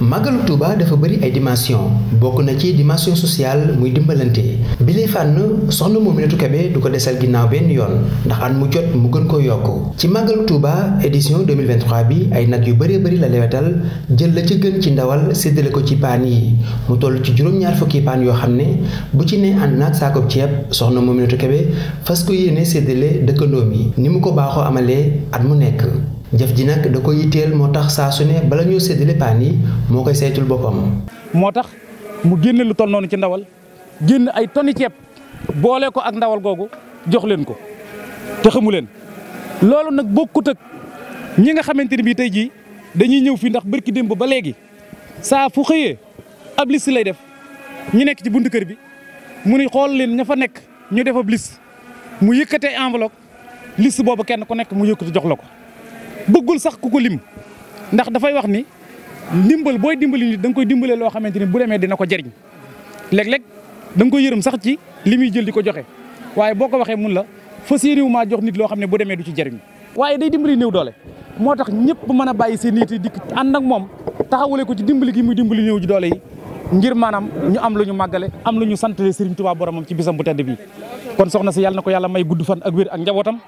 màggalu Touba dafa bëri ay dimension bokk na ci dimension sociale muy dimbalante bi lay fànn soxna Mouminatou Kébé du ko desal ginnaaw benn yoon ndax at mu jot mu gën ko yokk ci màggalu Touba édition 2023 bi ay nag yu bëree bëri la lewetal jël la ca gën ci ndawal séddale ko ci paan yi mu toll ci juróom-ñaar fukki paan yoo xam ne bu ci ne ànd naag saakoob ceeb soxna Mouminatou Kébé fas ko yéene séddale dëkkandoom yi ni mu ko baaxoo amalee at mu nekk jëf ji nag da ko yitteel moo tax saa su ne bala ñoo séddale paan yi moo koy saytul boppam. moo tax mu génne lu toll noonu ci ndawal génn ay tonni ceeb boole ko ak ndawal googu jox leen ko te xamu leen loolu nag bokkut ak ñi nga xamante ni bii tey jii dañuy ñëw fii ndax bërki démb ba léegi saa fu xëyee ab liste lay def ñu nekk ci buntu kër bi mu ni xool leen ña fa nekk ñu def ab liste mu yëkkatee enveloppe liste boobu kenn ku nekk mu yëkkati jox la ko. bëggul sax ku ko lim ndax dafay wax ni ndimbal booy dimbali nit da nga koy dimbalee loo xamante ni bu demee dina ko jariñ léeg-léeg da nga koy yërëm sax ci li muy jël di ko joxe waaye boo ko waxee mun la fas yéene maa jox nit loo xam ne bu demee du ci jariñ waaye day dimbali néew doole moo tax ñëpp man a bàyyi seen nit yi dikk ànd ak moom taxawale ko ci dimbali gi muy dimbali néew ji doole yi ngir maanaam ñu am lu ñu màggale am lu ñu santale Serigne Touba boromam ci bisam bu tedd bi kon soxna si yàlla na ko yàlla may gudd fan ak wér ak njabootam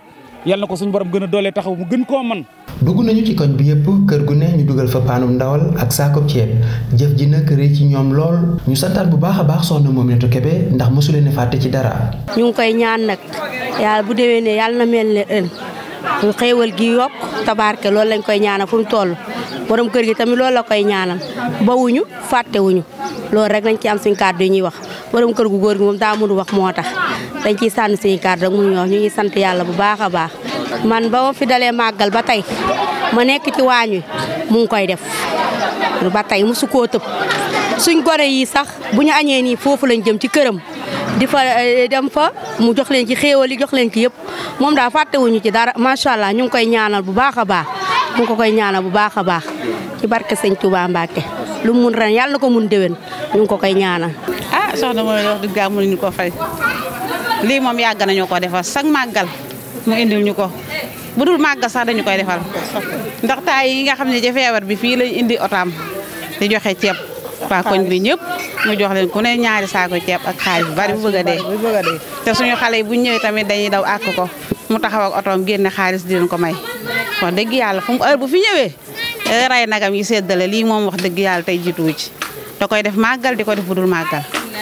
yal na ko suñu borom gën a doolee taxaw mu gën koo man dugg nañu ci koñ bi yépp kër gu ne ñu dugal fa paanum ndawal ak saako ceeb jëf ji nag rëy ci ñoom lool ñu santaat bu baax a baax soxna Mominatou Kébé ndax mosu leen fàtte ci dara. ñu ngi koy ñaan nag yàlla bu déwénee yàlla mel ne ën ñu gi yokk tabaarke loolu lañ koy ñaanal fu mu toll borom kër gi tamit loolu la koy ñaanal ba wuñu fàtte wuñu loolu rek lañ ci am suñ kàddu yi ñuy wax borom kër gu góor gi moom daa mënu wax moo tax. dañ ciy sànni suñu kàddu rek mu ñoox ñu ngi sant yàlla bu baax a baax man ba ma fi dalee màggal ba tey ma nekk ci waañ wi mu ngi koy def ba tey mu su koo tëb suñ gone yi sax bu ñu añee nii foofu lañ jëm ci këram di fa eh, dem fa mu jox leen ci xéewal yi jox leen ci yëpp moom daa fàttewuñu ci dara macha allah ñu ngi koy ñaanal bu baax a baax mu ko koy ñaanal bu baax a baax ci barke sëñ Touba Mbacke lu mun ren yàlla na ko mun déwén ñu ko koy ñaanal. ah soxna mooy wax dëgg amul ñu ko fay. lii moom yàgg nañu ko defal sax màggal mu indil ñu ko bu dul màggal sax dañu koy defal ndax yi nga xam ne ci feebar bi fii lañ indi otaam di joxe ceeb waa koñ bi ñëpp mu jox leen ku ne ñaari saako ceeb ak xaalis bu bari bu bëgg a dee te suñu xale yi bu ñëwee tamit dañuy daw àkk ko mu taxaw ak otoom génne xaalis di ko may wax dëgg yàlla fu mu heure bu fi ñëwee ray nagam yi seddale lii moom wax dëgg yàlla tey jiituwu ci da koy def màggal di ko def dul màggal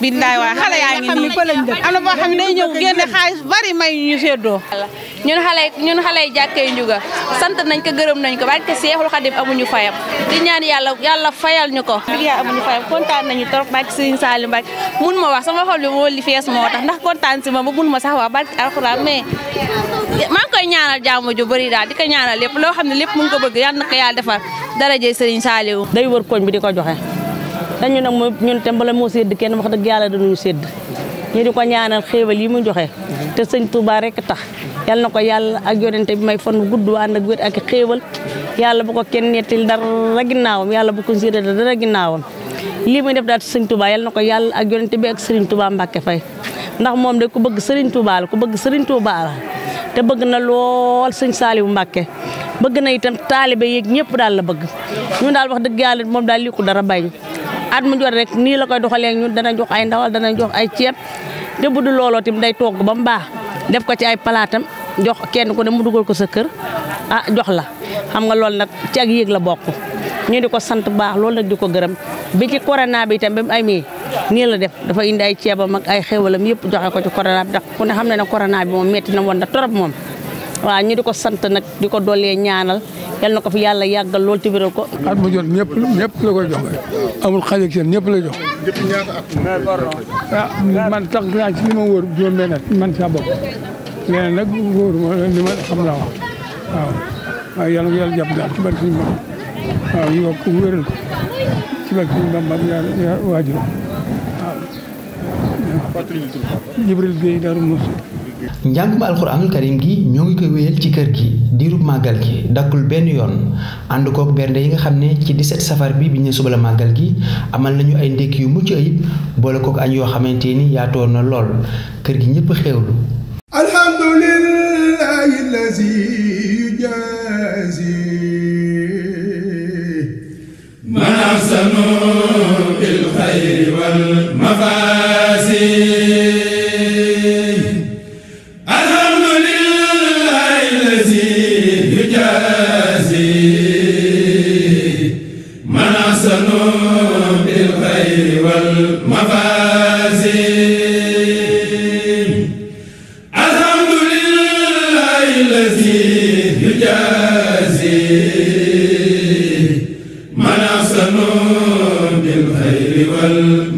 billaay waa xale yaa ngi nii am na boo xam ne day bari may ñu séddoo ñun xale ñun xale yi jàkkee njuga sant nañ ko gërëm nañ ko barke Seexul Xadim amuñu fayam di ñaan yàlla yàlla fayal ñu ko liggéey amuñu fayam kontaan nañu torop barke Serigne Salim Mbacke mun ma wax sama xol bi moo li fees moo tax ndax kontaan si ma ba mun ma sax wax barke alxuraan mais maa ngi koy ñaanal jàmm ju bëri daal di ko ñaanal lépp loo xam ne lépp mu ngi ko bëgg yàlla na ko yàlla defar daraje Serigne Saliou day wër koñ bi di ko joxe dañu nag mooy ñun moo sedd kenn wax dëgg yàlla dañuy sedd ñu di ko ñaanal xéewal yi mu joxe te sëñ Touba rek tax yal na ko yàlla ak yonente bi may fan gudd ànd ak wér ak xéewal yàlla bu ko kenn nettil dara ginnaawam yàlla bu ko séddee dara ginnaawam lii muy def daal sëñ Touba yal na ko yàlla ak yonente bi ak Serigne Touba Mbacke ndax moom de ku bëgg Serigne Touba la ku bëgg Serigne Touba te bëgg na lool sëñ Saliou mbake bëgg na itam taalibe yeeg ñëpp daal la bëgg ñun daal wax dëgg yàlla moom daal ko dara bañ at mu jot rek nii la koy doxalee ñun dana jox ay ndawal dana jox ay ceeb te bu du looloo tim day toog ba mu baax def ko ci ay palaatam jox kenn ku ne mu dugal ko sa kër ah jox la xam nga loolu nag ci ak yéeg la bokk ñu di ko sant baax loolu nag di ko gërëm bi ci corona bi itam ba mu mii nii la def dafa indi ay ceebam ak ay xéwalam yëpp joxe ko ci corona bi ndax ku ne xam ne ne corona bi moom metti na woon da torop moom waaw ñu di ko sant nag di ko doolee ñaanal yal na ko fi yàlla yàggal lool te ko. at mu jot ñëpp ñëpp la koy jox amul xaj ak seen ñëpp la jox. Ah, man tax naa ci li ma wóor juróom-benn at man saa bopp leneen nag wóor ma li ma xam laa wax waaw waaw yàlla yàlla jàpp daal ci barke suñu waaw yokk wéral ko ci barke suñu Bamba waajur Jibril Gueye Darou Moussa. njàngum alxuraanul karim gi ñoo ngi koy wéyal ci kër gi diirub màggal gi dakkul benn yoon ànd kook bernde yi nga xam ne ci 17 safar bi bi ñu suba la màggal gi amal nañu ay ndékki yu mucc ayib boole kook añ yoo xamante ni yaatoo na lool kër gi ñëpp xéewlu بالخير والمفازين الحمد لله الذي يجازي من أحسن بالخير والمفازين